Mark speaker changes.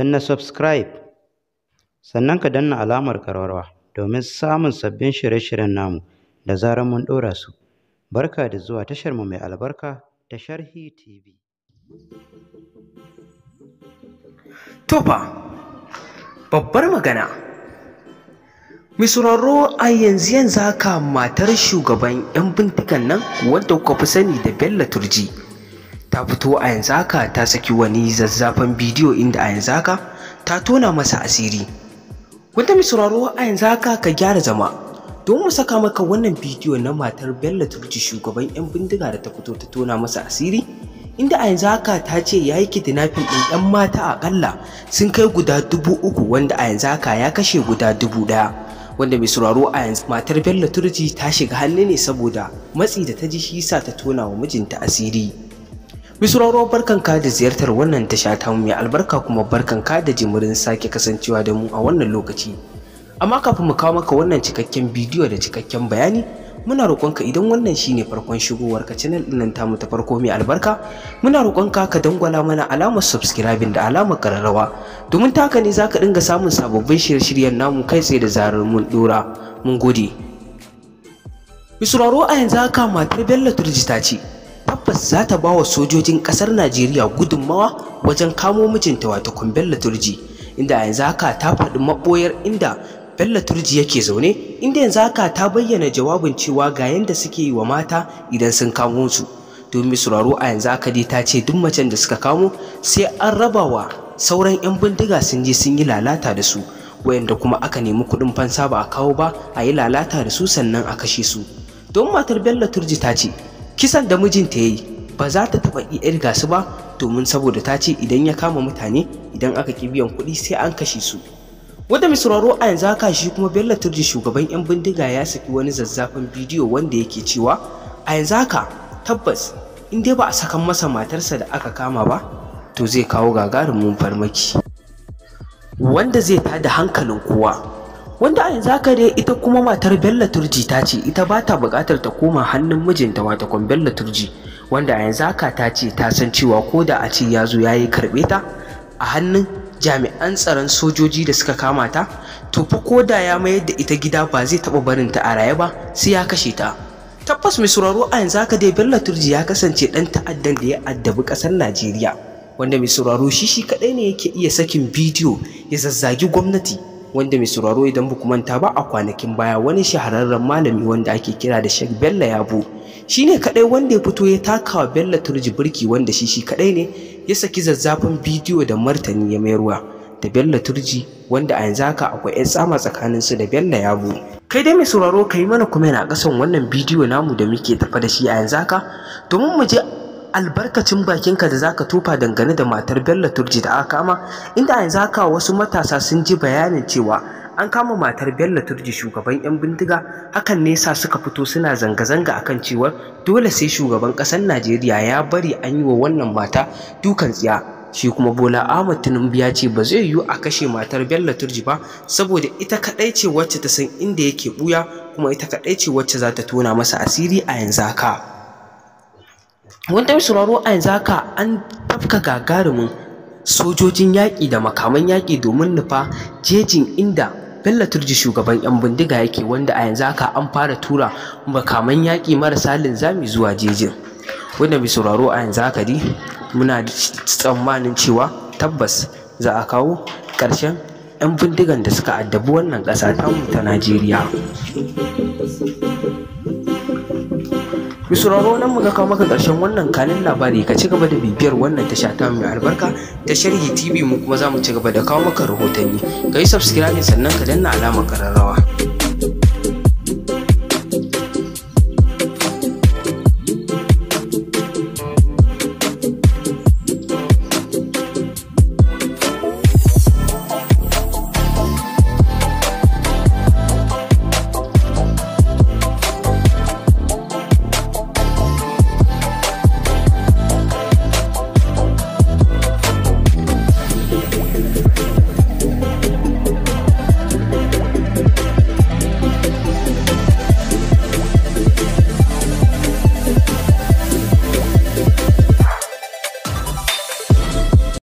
Speaker 1: na subscribe sannan ka danna alamar karwarwa domin samun sabbin shirye-shiryen namu da zarar mun ɗora su barka da zuwa tashar mu mai albarka ta sharhi tv tofa babbar magana mai a yanzu yanzu haka matar shugaban 'yan bintikan nan wadda kuka fi sani da bello turji ta fito a yanzu haka ta saki wani zazzafan bidiyo inda a yanzu haka ta tona masa asiri wanda mai sauraro a yanzu haka ka gyara zama don mu saka maka wannan bidiyo na matar Bello Turci shugaban 'yan bindiga da ta fito ta tona masa asiri inda a yanzu haka ta ce ya yi kidnapping ɗin 'yan mata aƙalla sun kai guda dubu uku wanda a yanzu haka ya kashe guda dubu ɗaya wanda mai sauraro a yanzu matar Bello turci ta shiga hannu ne saboda matsi da ta ji shi sa ta tona wa mijinta asiri Misraro barkan ka da ziyartar wannan tasha ta mu mai albarka kuma barkan ka da jimurin sake kasancewa da mu a wannan lokaci. Amma kafin mu kawo maka wannan cikakken bidiyo da cikakken bayani muna roƙonka idan wannan shine farkon shigowar ka channel ɗin mu ta farko mai albarka muna roƙonka ka dangwala mana alamar subscribing da alamar kararrawa domin taka ne zaka dinga samun sababbin shirye-shiryen namu kai tsaye da zarar mun dora mun gode Misuraro a yanzu haka matar Bello Turji ta ce tabbas za ta ba wa sojojin ƙasar Najeriya gudunmawa wajen kamo mijinta wato kun Bello Turji inda a yanzu haka ta faɗi maɓoyar inda Bello Turji yake zaune inda yanzu haka ta bayyana jawabin cewa ga yanda suke yi wa mata idan sun kamo su domin sauraro a yanzu haka dai ta ce duk macen da suka kamo sai an raba wa sauran 'yan bindiga sun je sun yi lalata da su wayanda kuma aka nemi kuɗin fansa ba a kawo ba a yi lalata da su sannan a kashe su don matar Bello Turji ta ce kisan da mijinta ya yi ba za ta taɓa irga su ba domin saboda ta ce idan ya kama mutane idan aka ki biyan kuɗi sai an kashe su wanda mai sauraro a yanzu haka shi kuma bello turji shugaban yan bindiga ya saki wani zazzafin bidiyo wanda yake cewa a yanzu haka tabbas in dai ba a sakan masa matarsa da aka kama ba to zai kawo gagarumin farmaki wanda zai tada hankalin kowa wanda a yanzu dai ita kuma matar Bello Turji ta ce ita ba ta buƙatar ta koma hannun mijinta watakon Bello Turji wanda a yanzu haka ta ce ta san cewa ko da a ce ya zo ya yi karɓe ta a hannun jami'an tsaron sojoji da suka kama ta to fa ko da ya mayar da ita gida ba zai taɓa barin ta a raye ba sai ya kashe ta tabbas mai sauraro a yanzu haka dai Bello Turji ya kasance ɗan ta'addan da ya addabi ƙasar Najeriya wanda mai sauraro shi shi kaɗai ne yake iya sakin bidiyo ya zazzagi gwamnati wanda mai sauraro idan ba manta ba a kwanakin baya wani shahararren malami wanda ake kira da Sheikh Bello Yabo shine kadai wanda ya fito ya taka wa Bello turji birki wanda shi shi kadai ne ya saki zazzafin bidiyo da martani ya mayarwa da Bello Turji wanda a yanzu haka akwai ƴan tsama tsakanin su da Bello Yabo kai dai mai sauraro kai mana kuma yana kasan wannan bidiyo namu da muke tafa da shi a yanzu haka domin mu je albarkacin bakinka da zaka tufa dangane da matar Bello Turji da aka kama inda yanzu haka wasu matasa sun ji bayanin cewa an kama matar Bello Turji shugaban yan bindiga hakan ne yasa suka fito suna zanga-zanga akan cewa dole sai shugaban ƙasar Najeriya ya bari an yi wa wannan mata dukan tsiya shi kuma bola ahmad tinubu ya ce ba zai yiwu a kashe matar bello turji ba saboda ita kadai ce wacce ta san inda yake buya kuma ita kadai ce wacce za ta tona masa asiri a yanzu haka wanda sauraro a yanzu haka an tafka gagarumin sojojin yaƙi da makaman yaƙi domin nufa jejin inda bella Turji shugaban 'yan bindiga yake wanda a yanzu haka an fara tura makaman yaƙi marasa linzami zuwa jejin. Wanda mai sauraro a yanzu haka di muna tsammanin cewa tabbas za a kawo ƙarshen 'yan bindigan da suka addabi wannan ƙasa tamu ta Najeriya. mai sauraro nan muka kawo maka ƙarshen wannan kanin labari ka ci gaba da bibiyar wannan tasha ta mai albarka ta sharhi tv mu kuma za mu ci gaba da kawo maka rahotanni ka yi subscribe sannan ka danna alamar ƙararrawa